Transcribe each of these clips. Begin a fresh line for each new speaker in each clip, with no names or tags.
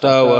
tawa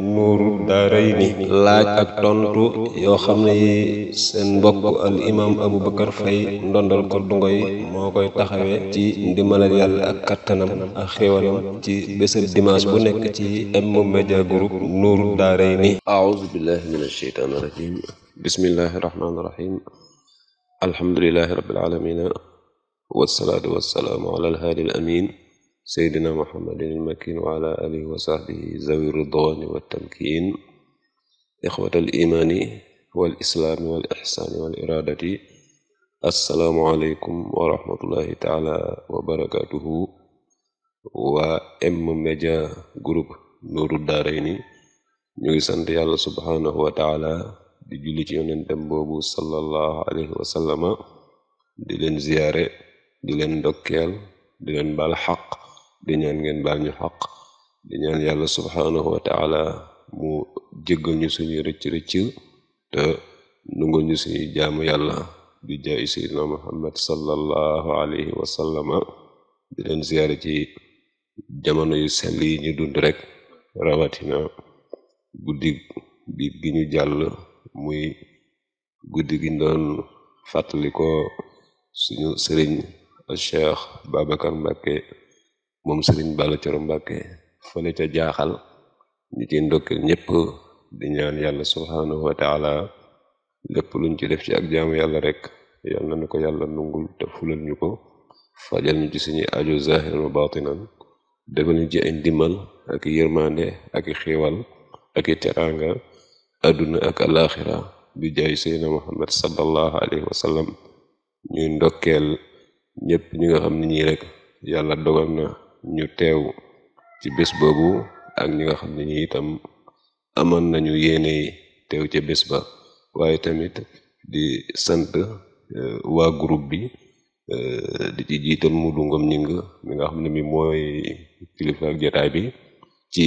nuuru daarayni laaj ak tontu yoo xam ne yi seen mbokk al imaam Aboubacar Faye ndondal ko dungoy moo koy taxawee ci ndimbalal yàlla ak kattanam ak xéwalam ci bésëb dimanche bu nekk ci M-Media Group nuuru daarayni aouzu billahi min asheytaani rajim bismillahi rahmaani rahim alhamdulillahi rabbil aalamiina wassalaatu wassalaamu ala al haadi al amiin seydina muhammadin almakin wa ala alihi wa zawi ridwani wattamkin ixwat al imaani wal islaami wal ixsaani wal iraadati assalaamu aleykum wa M Media Group nuuru daarayni ñu ngi sant yàlla subhaanahu wa taala di julli ci yonentem boobu sallallahu alayhi wa sallama di leen di ñaan ngeen baal ñu xaq di ñaan yàlla subhaanahu wa taala mu jéggal ñu suñuy rëcc-rëcc te nungul ñu suñu jaamu yàlla di jaay seydina muhammad sallallahu alayhi wa sallama di leen ziyaare ci jamono yu sell yi ñu dund rek rawatina guddi bi gi ñu jàll muy guddi gi doon fàttali ko suñu sëriñ cheikh babacar mbakke moom sëriñ Balla Coro Mbàkke fële ca jaaxal ñu ciy ndokkeel ñëpp di ñaan yàlla subhaanahu wa lépp luñ ci def ci ak jaamu yàlla rek yàlla nañu ko yàlla nungul te fulal ñu ko fajal ñu ci suñu aajo zaahir wa baatinan defal ñu ci ay ndimbal ak yërmande ak xéewal ak teraanga àdduna ak alaaxira bi jaay seydna muhammad sallallahu alayhi wa sallam ndokkeel ñëpp ñi nga xam ne ñii rek yàlla dogal ñu teew ci bés boobu ak ñi nga xam ne ñi itam amoon nañu yéene teew ca bés ba waaye tamit di sant eh, waa groupe bi eh, di ci jiital mu Ngom ñing mi nga xam ne mi mooy kilifa ak jataay bi ci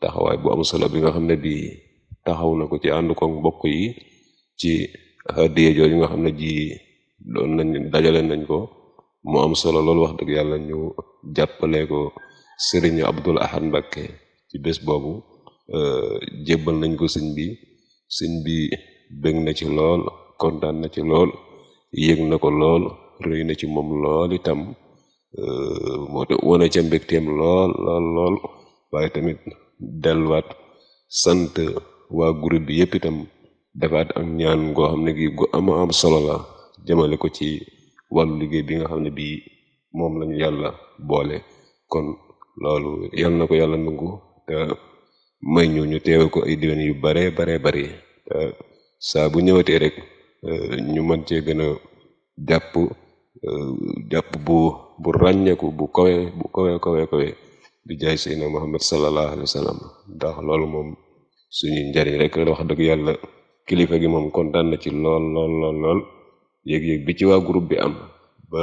taxawaay bu am solo bi nga xam ne bi taxaw na ko ci ànd mbokk yi ci hadiya jooju nga xam ne ji doon nañ dajale nañ ko mu am solo loolu wax dëgg yàlla ñu jàppale ko sëriñ Abdul Ahad Mbakke ci bés boobu euh, jébbal nañ ko sëñ bi sëñ bi bëgg na ci lool kontaan na ci lool yëg na ko lool rëy na ci moom lool itam euh, moo tax wane ca mbégteem lool lool lool waaye tamit delluwaat sant waa groupe bi yëpp itam defaat ak ñaan goo xam ne gi gu ama am solo la jëmale ko ci wàllu liggéey bi nga xam ne bii moom lañu yàlla boole kon loolu yal na ko yàlla nangu te may ñu ñu teewe ko ay déwén yu bare bare bari saa bu ñëwatee rek e, ñu mën cee gën a jàpp e, jàpp bu bu ràññeeku bu kawe bu kawe kawe kawe bi jaay Seydina Muhammad sallallahu alayhi wa ndax loolu moom suñu njariñ rek wax dëgg yàlla kilifa gi moom kon na ci lool lool lool lool yëg-yëg bi ci waa groupe bi am ba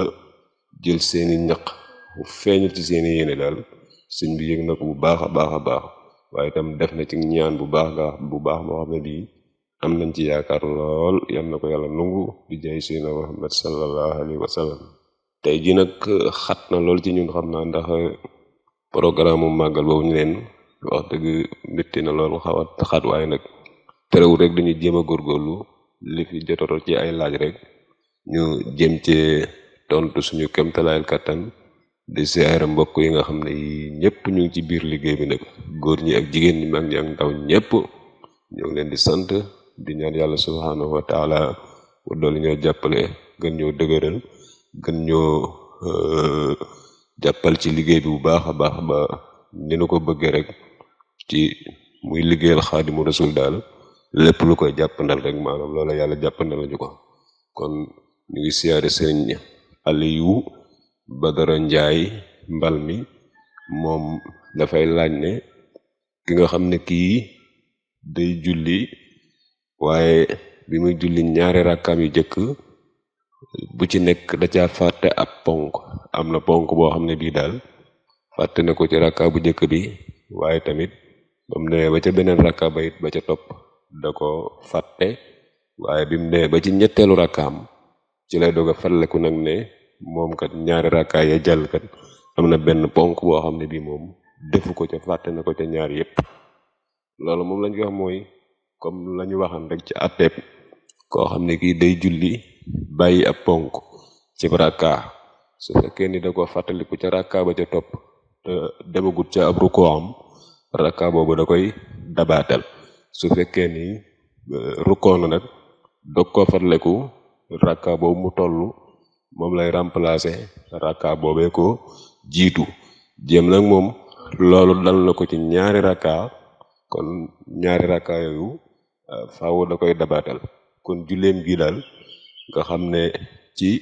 jël seeni ñaq bu feeñal ci seeni yéene daal sëñ bi yëg na ko bu baax a baax a baax waaye itam def na ci ñaan bu baax nga bu baax boo xam ne bii am nañ ci yaakaar lool yal na ko yàlla nungu di jaay Seydina Muhammad sallallahu tey ji nag xat na lool ci ñun xam naa ndax programme mu màggal boobu ñu leen wax dëgg métti na lool xaw a xat waaye nag terewul rek dañuy jéem a góorgóorlu li fi jotoro ci ay laaj rek ñu jéem cee tontu suñu kemtalaayal kàttan di siyaare mbokk yi nga xam ne yi ñëpp ñu ngi ci biir liggéey bi nag góor ñi ak jigéen ñi mag ñi ak ndaw ñëpp ñoo ngi leen di sant di ñaan yàlla subhanahu wa taala ñoo jàppale gën ñoo dëgëral gën ñoo euh, jàppal ci liggéey bi bu baax a baax ba ni nu ko bëggee rek ci muy liggéeyal xaadimu rasul daal lépp lu koy jàppandal rek maanaam loola yàlla jàppandal ñu ko ñu ngi siyaare sëriñ Aliou Badara Njaay mbal mi moom dafay laaj ne ki nga xam ne kii day julli waaye bi muy julli ñaari rakkaam yu jëkk bu ci nekk da caa fàtte ab ponk am na ponk boo xam ne bii daal fàtte na ko ci rakka bu jëkk bi waaye tamit ba mu nee ba ca beneen rakka ba ba ca top da ko fàtte waaye bi mu nee ba ci ñetteelu rakkaam ci lay doog a farleku nag ne moom kat ñaari rakkaay ya jàll kat am na benn ponk boo xam ne bii moom defu ko ca fàtte na ko ca ñaar yépp loolu moom lañ koy wax mooy comme la ñu waxan rek ci àtteeb koo xam ne kii day julli bàyyi ab ponk ci rakka su fekkee ni da ko fàttaliku ca rakka ba ca topp te demagut ca ab rukkoo am rakka boobu da koy dabaatal su fekkee ni eh, rukkoo na nag dog koo rakka boobu mu tollu moom lay remplacer rakka boobe ko jiitu jéem nag moom loolu dal na ko ci ñaari rakka kon ñaari rakka yooyu euh, faaw da koy dabaatal kon julleem gi daal nga xam ne ci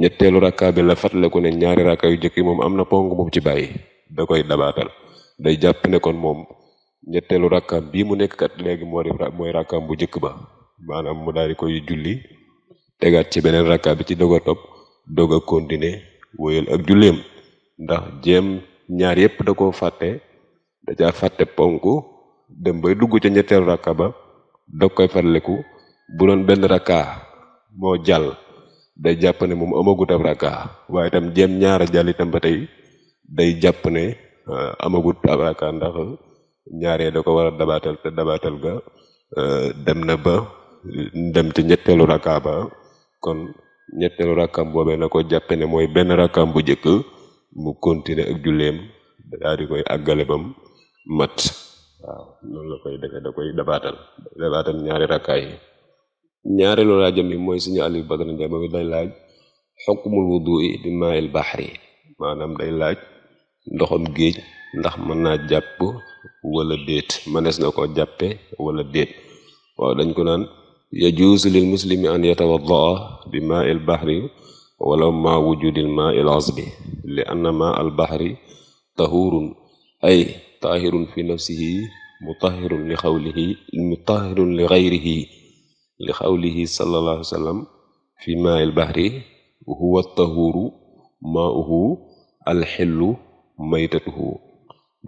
ñetteelu rakka bi la fàttaliku ne ñaari rakka yu njëkk yi moom am na ponk ci bàyyi da koy dabaatal day jàpp ne kon moom mu nekk léegi moo di mooy rakkaam bu njëkk ba maanaam mu daal koy julli tegaat ci beneen rakka bi ci doog a topp doog a continuer wóyal ak julleem ndax jéem ñaar yépp da koo fàtte da caa fàtte ponk dem bay dugg ca ñetteelu rakka ba dog koy farleku bu doon benn rakka moo jàll day jàpp ne moom amagut ab waaye itam jéem ñaara jàll ba tey day jàpp ne euh, amagut ab rakka ndax ñaaree da ko war a te dabaatal ga euh, dem na ba dem ci ñetteelu rakka ba kon ñetteelu rakkam boobee na ko jàppe ne mooy benn rakkam bu jëkk mu continuer ak julleem daal di koy àggale bam mat waaw noonu la koy defe da koy dabaatal dabaatal ñaari rakkaay yi ñaareelu laajam bi mooy suñu Aliou Badara Ndiaye moom laaj xukmul wudu'i bi maa'il bahri maanaam day laaj ndoxam géej ndax mën naa jàpp wala déet mënees na ko jàppe wala déet waaw dañ ko naan yajuusu lil muslimi an yatawaddaa bi maa il bahri walaw maa wujudil maa il azbi li anna maa al bahri tahurun ay taahirun fi nafsihi mutahirun li xawlihi mutahirun li xayrihi li xawlihi sallallahu alayhi wa sallam fi maa il bahri huwa tahuru maauhu alxillu maytatuhu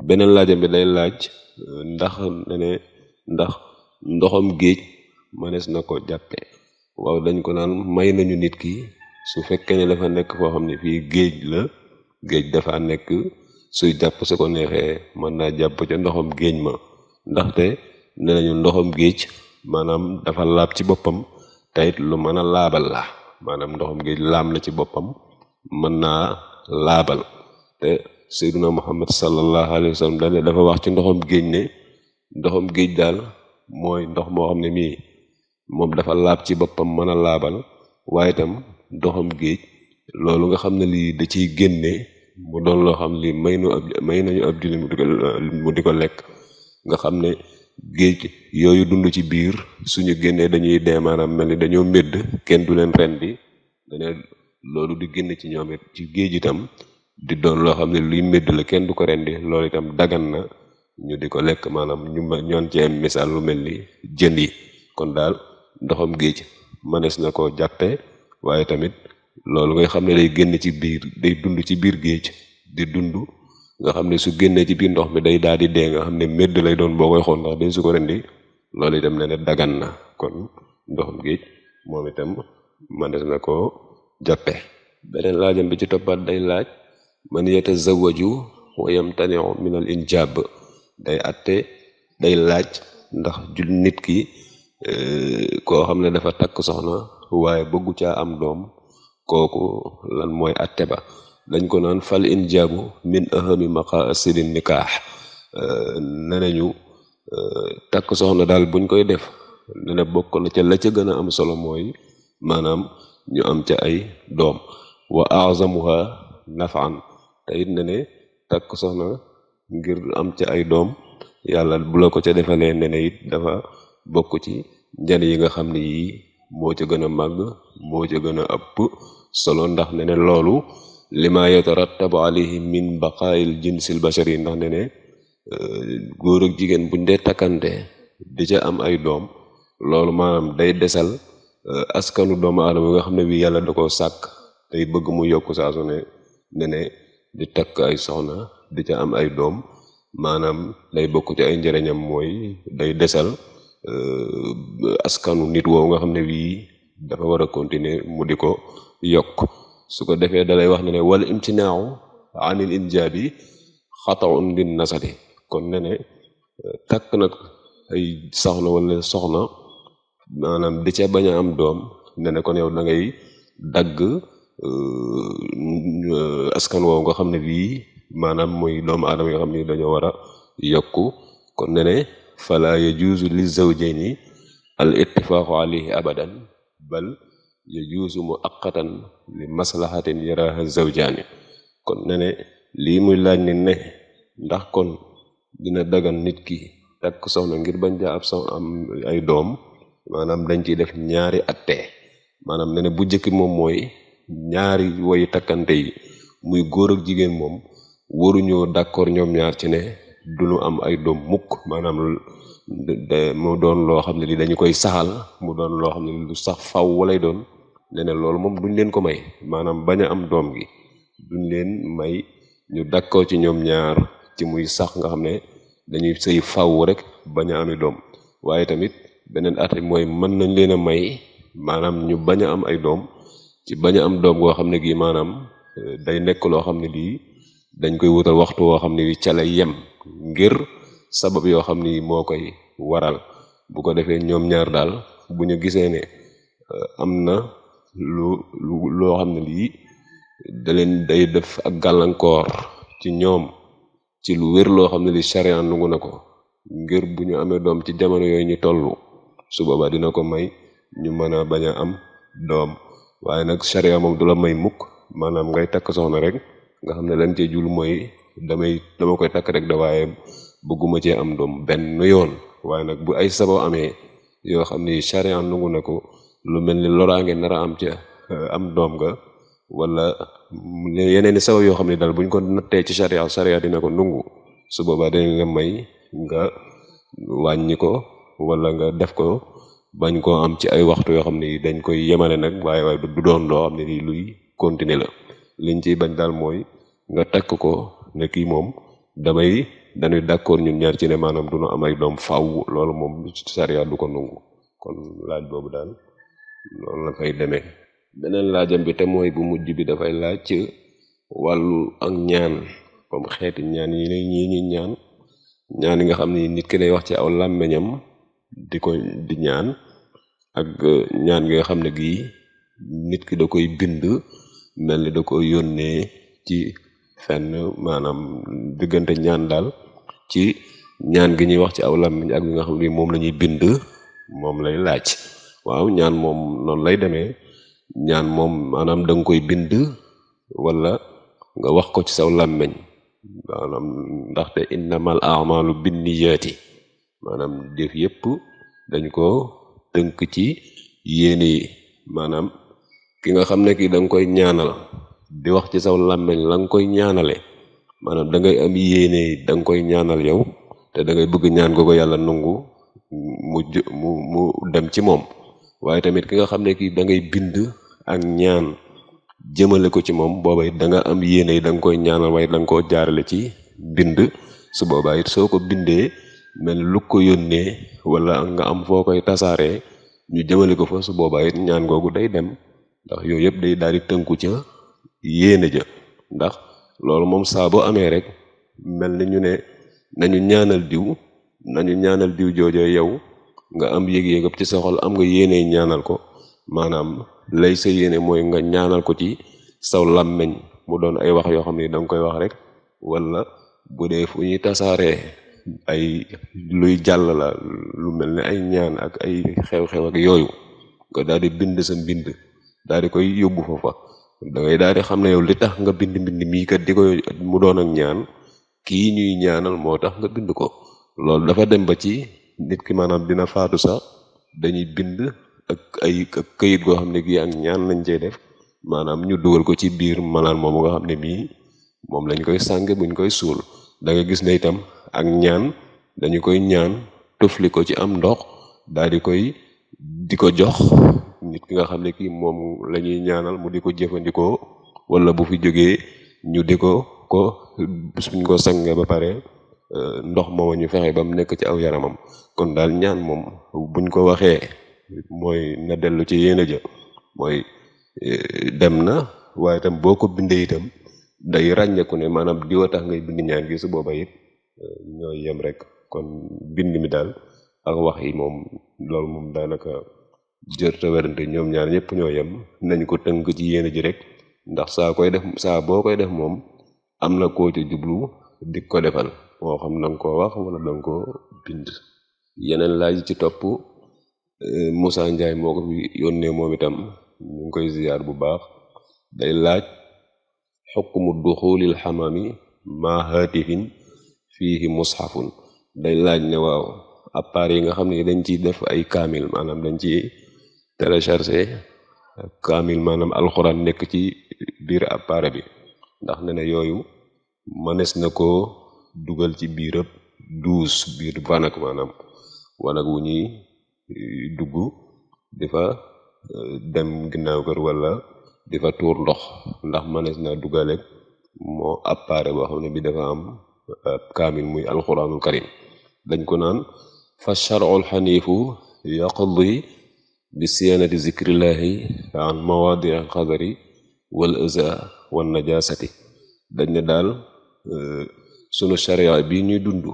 beneen laajam bi day laaj ndax ne ne ndax ndoxam géej manees na ko jàppe waaw dañ ko naan may nañu nit ki su fekkee ne dafa nekk foo xam ne fii géej la géej dafa nekk suy jàpp su ko neexee mën naa jàpp ca ndoxam géej ma ndaxte nañu ndoxam géej maanaam dafa laab ci boppam te lu mën a laabal la maanaam ndoxam géej laab na ci boppam mën naa laabal te seyduna muhammad sallallahu alayhi wa sallam dafa wax ci ndoxam géej ne ndoxam géej daal mooy ndox moo xam ne mii moom dafa laab ci boppam mën a laabal waaye itam doxam géej loolu nga xam ne lii da ciy génne mu doon loo xam lii may nu ab may nañu ab jullit di ko lekk nga xam ne géej yooyu dund ci biir suñu génnee dañuy dee maanaam mel ni dañoo mbedd kenn du leen ren bi di génn ci ñoom it ci géej itam di doon loo xam ne luy mbedd la kenn du ko rendi loolu itam dagan na ñu di ko lekk maanaam ñu ñoon cee misaal lu mel ni jën yi kon daal ndoxam géej mënees na koo jàppe waaye tamit loolu nga xam ne day génn ci biir day dund ci biir géej di dund nga xam ne su génnee ci biir ndox mi day daal di dee nga xam ne medd lay doon boo koy xool ndax dañ su ko rendi loolu itam ne ne dagan na kon ndoxum géej moom itam mënees na koo jàppe beneen laajam bi ci toppat day laaj man yatazawwaju wa yamtani'u min al injab day atte day laaj ndax jul nit ki Eh, koo xam ne dafa takk soxna waaye bëggu caa am doom kooku lan mooy atte teba dañ ko naan fal injaabu min ahami maqaasidi nikaax eh, ne nañu eh, takk soxna daal buñ koy def ne na bokk na ca la ca gën a am solo mooy maanaam ñu am ca ay doom wa azamuha nafan te it ne takk soxna ngir am ca ay doom yàlla bu ko ca defalee ne ne dafa bokk ci njëriñ yi nga xam ne yii moo ca gën a màgg moo ca gën a ëpp ndax ne ne loolu lima yatarattabu alayhi min baqaayil jinsil bashari ndax ne ne euh, góor ak jigéen buñ dee takkante di ca am ay doom loolu maanaam day desal euh, askanu doomu aadama nga xam ne bi yàlla da ko sàkk tey bëgg mu yokk saa su ne ne ne di takk ay soxna di ca am ay doom maanaam day bokk ci ay njëriñam mooy day desal Euh, askanu nit woowu nga xam ne wii dafa war a continuer mu di ko yokk su ko defee dalay wax ne ne wal imtinaaw anil injaabi xataun lin nasari kon ne ne takk nag ay soxna wala soxna maanaam di ca bañ a am doom ne ne kon yow da ngay dagg euh, askan woowu nga xam ne bii maanaam mooy doomu aadama yoo xam ne dañoo war a yokku kon ne fala yajuusu li zawjayni al ittifaaqu alayhi abadan bal yajuusu mu aqatan li maslahatin yaraaha zawjaani kon ne ne lii muy laaj ne ne ndax kon dina dagan nit ki takk soxna ngir bañ jaa ab soxna am ay doom maanaam dañ ciy def ñaari attee maanaam ne bu njëkk moom mooy ñaari woy takkante yi muy góor ak jigéen moom waruñoo d'accord ñoom ñaar ci ne du nu am ay doom mukk maanaam mu doon loo xam ne li dañu koy saxal mu doon loo xam ne lu sax faw walay doon nee loolu moom duñ leen ko may maanaam bañ am doom gi duñ leen may ñu dakkoo ci ñoom ñaar ci muy sax nga xam ne dañuy sëy faw rek bañ ami doom waaye tamit beneen ate mooy mën nañ leen a may maanaam ñu bañ a am ay doom ci bañ am doom goo xam ne gi maanaam eh, day nekk loo xam ne lii dañ koy wutal waxtu woo xam ne wi ca lay yem ngir sabab yoo xam ni moo koy waral bu ko defee ñoom ñaar daal bu ñu gisee ne uh, am na lu lu loo xam ne lii da day def ak gàllankoor ci ñoom ci lu wér loo xam ne li charia nangu na ko ngir bu ñu amee doom ci jamono yooyu ñu tollu su boobaa dina ko may ñu mën a bañ a am doom waaye nag charia moom du la may mukk maanaam ngay takk soxna rek nga xam ne lañ cee jul mooy damay dama koy takk rek de waaye bëgguma cee am doom benn yoon waaye nag bu ay sabab amee yoo xam ni charia nangu na ko lu mel ni loraange nar a am ci eh, am doom ga wala yeneen i sabab yoo xam ne daal buñ ko nattee ci charia charia dina ko nangu su boobaa dina nga may nga wàññi ko walla nga def ko bañ koo am ci ay waxtu yoo xam ne dañ koy yemale nag waaye waaye du doon loo xam ne lii luy continuer la liñ ciy bañ daal mooy nga takk ko ne kii moom damay dañuy d'accord ñun ñaar ci ne maanaam du ñu am ay doom faaw loolu moom sariya du ko nangu kon laaj boobu daal loolu la fay deme beneen laajam bi te mooy bu mujj bi dafay laaj ci wàllu ak ñaan comme xeeti ñaan yi lay ñii ñaan ñaan nga xam ne nit ki day wax ci aw làmmeñam di ko di ñaan ak ñaan gi xam ne gii nit ki da koy bind mel ni da koy yónnee ci fenn maanaam diggante ñaan daal ci ñaan gi ñuy wax ci aw làmmiñ ak li nga xam ne moom lañuy bind moom lay laaj waaw ñaan moom noonu lay demee ñaan moom maanaam da koy bind wala nga wax ko ci saw làmmiñ maanaam ndaxte innamal amalu binniyaati maanaam def yépp dañ ko tënk ci yéene maanaam ki nga xam ne kii da koy ñaanal di wax ci saw làmmeñ la nga koy ñaanale maanaam da ngay am yéene da nga koy ñaanal yow te da ngay bëgg ñaan googu yàlla nangu mu mu mu dem ci moom waaye tamit ki nga xam ne kii da ngay bind ak ñaan jëmale ko ci moom booba it da nga am yéene yi da nga koy ñaanal waaye da nga koo jaarale ci bind su boobaa it soo ko bindee mel lu ko yónnee wala nga am foo koy tasaaree ñu jëmale ko fa su boobaa it ñaan googu day dem ndax yooyu yëpp day daal di tënku ca yéene jë ndax loolu moom saa boo amee rek mel na ñu ne nañu ñaanal diw nañu ñaanal diw joojo yow nga am yëg-yëgab ci sa xol am nga yéene ñaanal ko maanaam lay sa yéene mooy nga ñaanal ko ci saw làmmeñ mu doon ay wax yoo xam ne danga koy wax rek wala bu dee fu ñuy tasaaree ay luy jàll la lu mel ne ay ñaan ak ay xew-xew ak yooyu nga daal di bind sa mbind daal di koy yóbbu foofa da ngay daal di xam ne yow li tax nga bind mbind mii kat di ko mu doon ak ñaan ki ñuy ñaanal moo tax nga bind ko loolu dafa dem ba ci nit ki maanaam dina faatu sax dañuy bind ak ay ak goo xam ne gi ak ñaan lañ cey def maanaam ñu dugal ko ci biir malaan moom nga xam ne mii moom lañ koy sànge buñ koy suul da gis ne itam ak ñaan dañu koy ñaan tufli ko ci am ndox daal di koy di ko jox nit ki nga xam ne kii moom lañuy ñaanal mu di ko jëfandikoo wala bu fi jógee ñu di ko ko suñ ko sangee ba pare euh, ndox mooma ñu fexe ba mu nekk ci aw yaramam kon daal ñaan moom buñ ko waxee mooy na dellu ci yéen a jë mooy euh, dem na waaye tam boo ko bindee itam day ràññeeku ne maanaam diwa tax ngay bind ñaan gi su booba it euh, ñooy yem rek kon bind mi daal ak wax yi moom loolu moom daanaka jër te werante ñoom ñaar ñëpp ñoo yem nañ ko tënk ci yéene ji rek ndax saa koy def saa boo koy def moom am na koo ca jublu di ko defal moo xam na koo wax wala danga ko bind yeneen laaj ci topp eh, Moussa njaay moo ko fi yónnee moom itam ñu ngi koy ziyaar bu baax day laaj xukmu duxulil xamami ma hatifin fiihi mushafun day laaj ne waaw à part yi nga xam ne dañ ciy def ay kaamil maanaam dañ ci téléchargé kaamil maanaam alxuraan nekk ci biir appareil bi ndax ne na yooyu mënees na ko dugal ci biirab douze biir vanak maanaam wanag wu ñuy dugg di fa euh, dem ginnaaw kër wala di fa tuur ndox ndax mënees na dugale moo appareil boo xam ne bi dafa am euh, kaamil muy alxuraanul karim dañ ko naan fa sharcu lxaniifu yaqdi bi siyaanati zikrillaahi an mawaadi alxadari wal ëza wan najaasati dañ ne daal euh, sunu sharia bi ñuy dund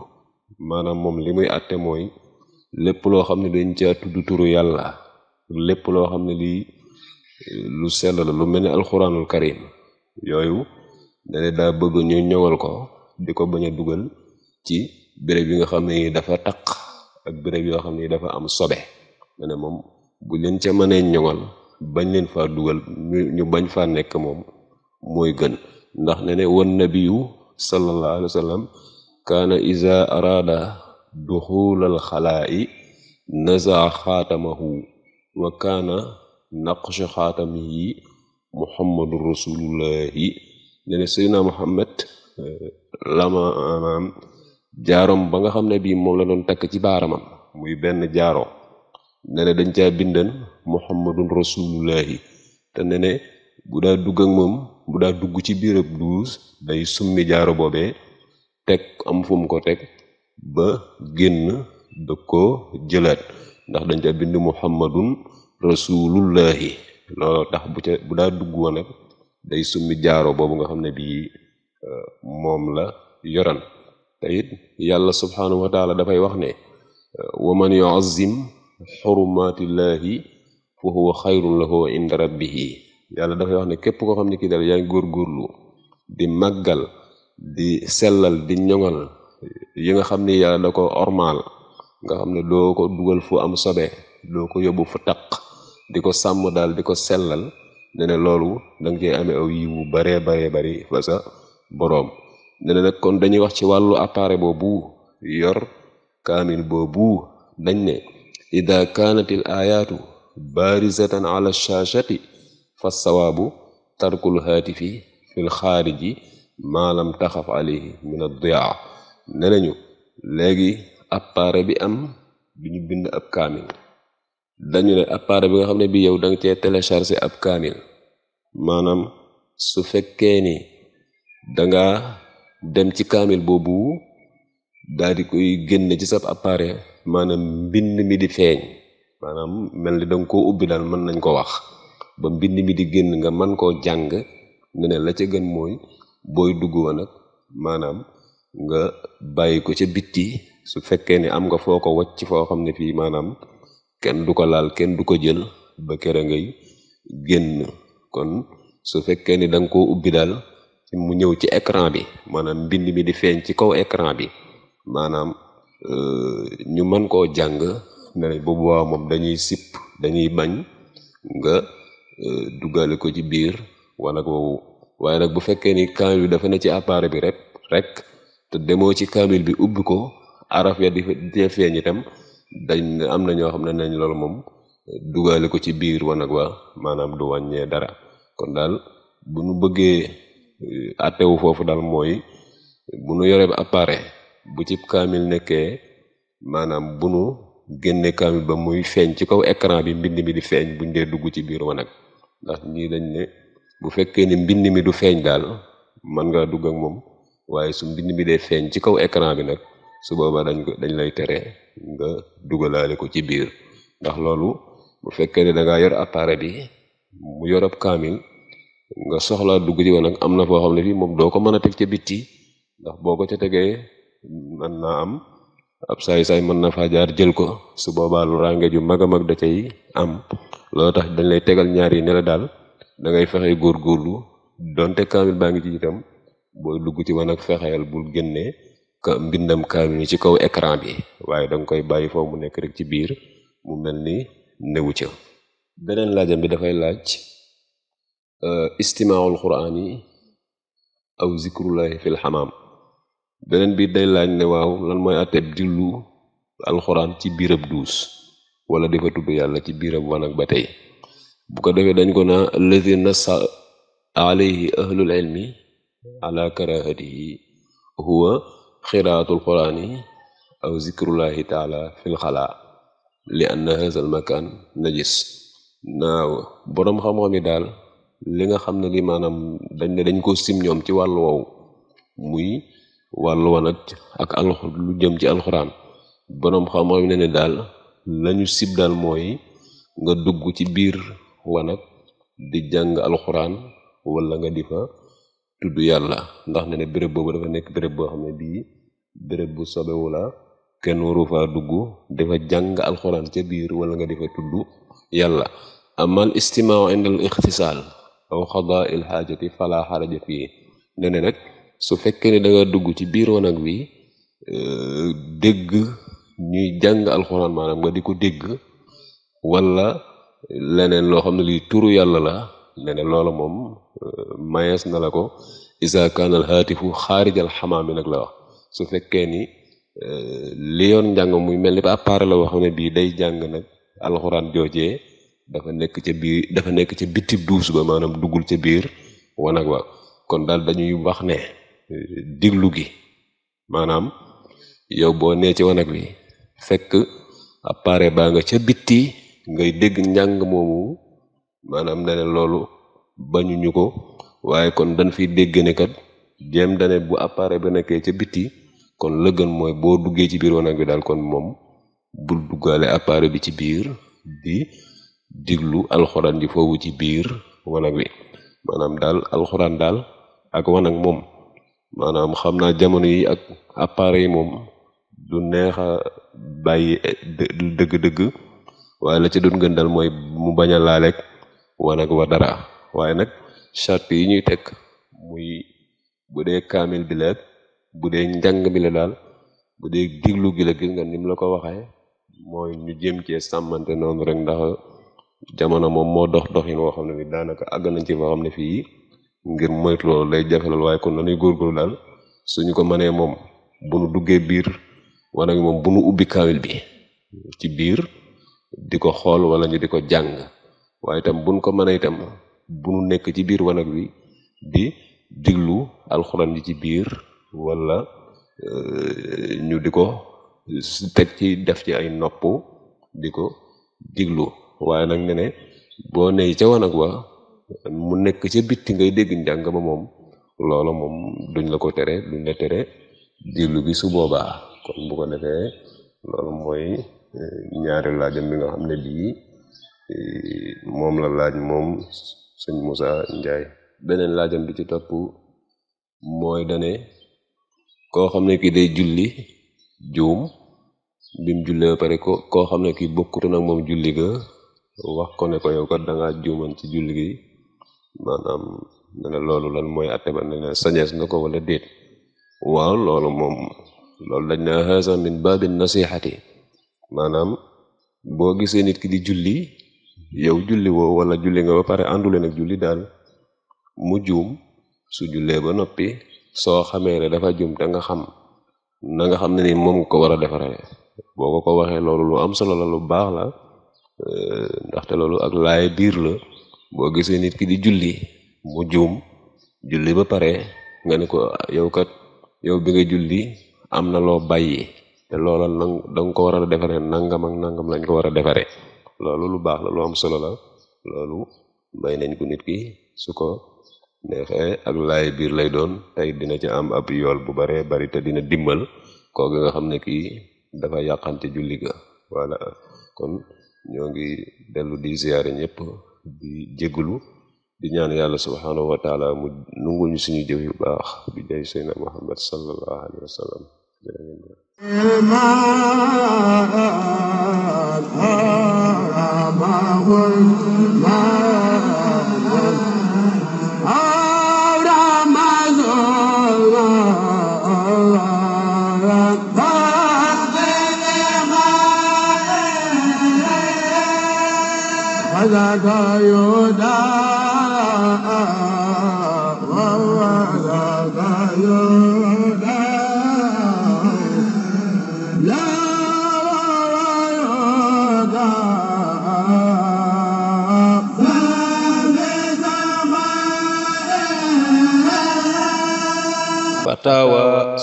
maanaam moom li muy àtte mooy lépp loo xam ne dañ caa tudd turu yàlla lépp loo xam ne lii euh, lu sell la lu mel ni alxuraanul karim yooyu dane daa bëgg ñu ñoŋal ko di ko bañ a dugal ci béréb yi nga xam ne dafa taq ak béréb yoo xam ni dafa am sobe mu ne moom bu leen ca mënee bañ leen fa dugal ñu bañ faa nekk moom mooy gën ndax ne ne wan nabiyu sallallahu alayhi wa sallam kaana iza araada duxulal xalaa'i nazaa xaatamahu wa kaana naqshu xaatamihi muhammadu rasulullahi ne ne muhammad euh, lama amaam jaarom ba nga xam ne bii moom la doon takk ci baaramam muy benn jaaro ne dañ caa bindan muhammadun rasulullahi te ne ne bu daa dugg ak moom bu daa dugg ci biirab ab duus day summi jaaro boobee teg fu mu ko teg ba génn da ko jëlaat ndax dañ caa bind muhammadun rasulullahi looloo tax bu ca bu daa dugg woon day summi jaaro boobu nga xam ne bii euh, moom la yoran te yàlla subhaanahu wa taala dafay wax ne wa man yuazzim xurumaatillahi fa huwa xayrun lahu inda yàlla dafay wax ne képp koo xam ne kii daal yaa ngi góorgóorlu di màggal di sellal di ñoŋal yi nga xam ne yàlla da ko ormaal nga xam ne doo ko dugal fu am sobe doo ko yóbbu fu taq di ko sàmm daal di ko sellal ne loolu da nga cee aw yiwu baree baree bari fa boroom ne nag kon dañuy wax ci wàllu appareil boobu yor kaamil boobu dañ ne ida kaanatil ayaatu baarizatan ala shaashati fa sawaabu tarkul haatifi fil xaariji maalam taxaf alayhi min addiyaa ne nañu léegi appareil bi am bi ñu bind ab kaamil dañu ne appareil bi nga xam ne bi yow danga nga cee télécharger ab kaamil maanaam su fekkee ni danga dem ci kaamil boobu daal koy génn ci sab appareil maanaam mbind mi di feeñ maanaam mel ni danga koo ubbi daal mën nañ ko wax ba mbind mi di génn nga man koo jàng ne ne la ca gën mooy booy dugg woon nag maanaam nga bàyyi ko ca bitti su fekkee ne am nga foo ko wacc foo xam ne fii maanaam kenn du ko laal kenn du ko jël ba kere ngay génn kon su fekkee ni danga koo ubbi daal mu ñëw ci écran bi maanaam mbind mi di feeñ ci kaw écran bi maanaam euh, ñu mën koo jàng ne bu boobaa moom dañuy sipp dañuy bañ nga euh, dugale ko ci biir wala boobu waaye nag bu fekkee ni kaamil bi dafa ne ci appareil bi rek rek te demoo ci kaamil bi ubbi ko araf ya di dee feeñ itam dañ am na ñoo xam ne nañ loolu moom duggaale ko ci biir wanag waa maanaam du wàññee dara kon daal bu ñu bëggee Euh, attewu foofu daal mooy bu nu yore appareil bu ci kaamil nekkee maanaam bu nu génne kaamil ba muy feeñ ci kaw écran bi mbind mi di feeñ buñ dee dugg ci biir wanag ndax ñii dañ ne bu fekkee ni mbind mi du feeñ daal mën nga dugg ak moom waaye su mbind mi dee feeñ ci kaw écran bi nag su boobaa dañ ko dañ lay tere nga dugalaale ko ci biir ndax loolu bu fekkee ne da ngaa yor appareil bi mu yorab kaamil nga soxlaa dugg ci woon am na foo xam ne fii moom doo ko mën a teg ca bitti ndax boo ko ca tegee mën naa am ab saay-saay mën na faa jaar jël ko su boobaa lu rànge mag a mag da cay am loolu tax dañ lay tegal ñaar yi daal da ngay fexe góorgóorlu donte kaamil baa ngi ci itam booy dugg ci woon ak fexeel bul génnee ka mbindam kaamil ci kaw écran bi waaye danga koy bàyyi foofu mu nekk rek ci biir mu mel ni newu ca beneen laajam bi dafay laaj istimaaul quraan yi aw zikrullahi fil xamaam beneen biir day laaj ne waaw lan mooy àtteeb diglu alxuraan ci biirab duus wala di fa tudd yàlla ci biirab wanag ba tey bu ko defee dañ ko naa allazi nassa alayhi al makan najis boroom xam-xam daal li nga xam ne li maanaam dañ ne dañ koo sim ñoom ci wàllu woowu muy wàll wanag ak alxu lu jëm ci alxuraan borom xam-xam ne ne daal lañu sib daal mooy nga dugg ci biir wanag di jàng alxuraan walla nga di fa tudd yàlla ndax ne ne béréb boobu dafa nekk béréb boo xam ne bii béréb bu sobewu la kenn waru faa dugg dafa jàng alxuraan ca biir wala nga di fa tudd yàlla amal istimaa indal ixtisaal aw xadaa il xaajati fala xaraja fii ne ne nag su fekkee ne da dugg ci biir wanag wi euh, dégg ñuy jàng alxuraan maanaam nga di ko dégg wala leneen loo xam ne lii turu yàlla la leneen loola moom euh, mayees na la ko isa kaana al xaarijal xamaam bi nag la wax su fekkee ni euh, li yoon njàng muy mel ni ba appareil la boo xam ne bii day jàng nag alxuraan joojee dafa nekk ca biir dafa nekk ca bitti duus ba maanaam duggul ca biir wanag wa kon daal dañuy wax ne diglu gi maanaam yow boo nee ci wanag wi fekk appareil baa nga ca bitti ngay dégg njàng moomu maanaam ne loolu bañuñu ko waaye kon dañ fi dégg ne kat jéem dane bu appareil ba nekkee ca bitti kon la gën mooy boo duggee ci biir wanag bi daal kon moom bul duggaale appareil bi ci biir di diglu alxuraan ji foofu ci biir wanag wi maanaam daal alxuraan daal ak wanag moom maanaam xam naa jamono yi ak appareil moom du neex a bàyyi eh, du dëgg-dëgg waaye la ci doon gën daal mooy mu bañ a laaleeg wanag wa dara waaye nag charte yi ñuy teg muy bu dee kaamil bi bu dee njàng bi la daal bu dee diglu gi la gis nga ni la ko waxee mooy ñu jëm cee sàmmante noonu rek ndax jamono moom moo dox doxin woo xam ne bi daanaka àgg nañ ci foo xam fii ngir moytu loolu lay jafe waaye kon nañuy góorgóorlu daal suñu ko mënee moom bu nu duggee biir wala moom bu nu ubbi kaamil bi ci biir di ko xool wala ñu di ko jàng waaye buñ ko mënee itam bu nekk ci biir wanag wi di diglu alxuraan ji ci biir wala euh, ñu di ko teg ci def ci ay nopp di ko diglu waaye nag ne boo ney ca wanag wa mu nekk ca bitti ngay dégg njàng ba moom loola moom duñ la ko tere duñ la tere dillu gi su boobaa kon bu ko defee loolu mooy eh, ñaari laajam bi nga xam ne bii eh, moom la laaj moom sëñ Moussa Ndiaye beneen laajam bi ci topp mooy dane koo xam ne kii day julli juum bi mu jullee ba pare ko koo xam ne kii bokkut nag moom julli ga wax ko ne ko yow kat da ngaa ci julli gi maanaam ne loolu lan mooy atte ba ne na sañees na ko wala déet waaw loolu moom loolu dañ na haza min babi maanaam boo gisee nit ki di julli yow julli wala julli nga ba pare àndule nag julli daal mu juum su jullee ba noppi soo xamee ne dafa juum te nga xam na xam ne ni moom ko war a defaree boo ko waxee loolu am solo la lu baax la Euh, ndaxte loolu ak laay biir la boo gisee nit ki di julli mu juum julli ba pare nga ne ko yow kat yow bi nga julli am na loo bàyyi te loola nan da nga ko war a defaree nangam ak nangam lañ war a defaree loolu lu baax la lu am solo la loolu may nañ ko nit ki su ko neexee ak laay biir lay doon tey dina ci am ab yool bu baree bari te dina dimbal kooku nga xam ne kii dafa yàqante julli ga wala kon ñoo ngi dellu di ziyaare ñëpp di jégglu di ñaan yàlla subhaanahu wa taala mu ñu suñu jëf yu baax bi jay sayna muhammad sallallahu wa sallam ذاك يودا وهو ذاك يودا لا وهو يودا فتاوى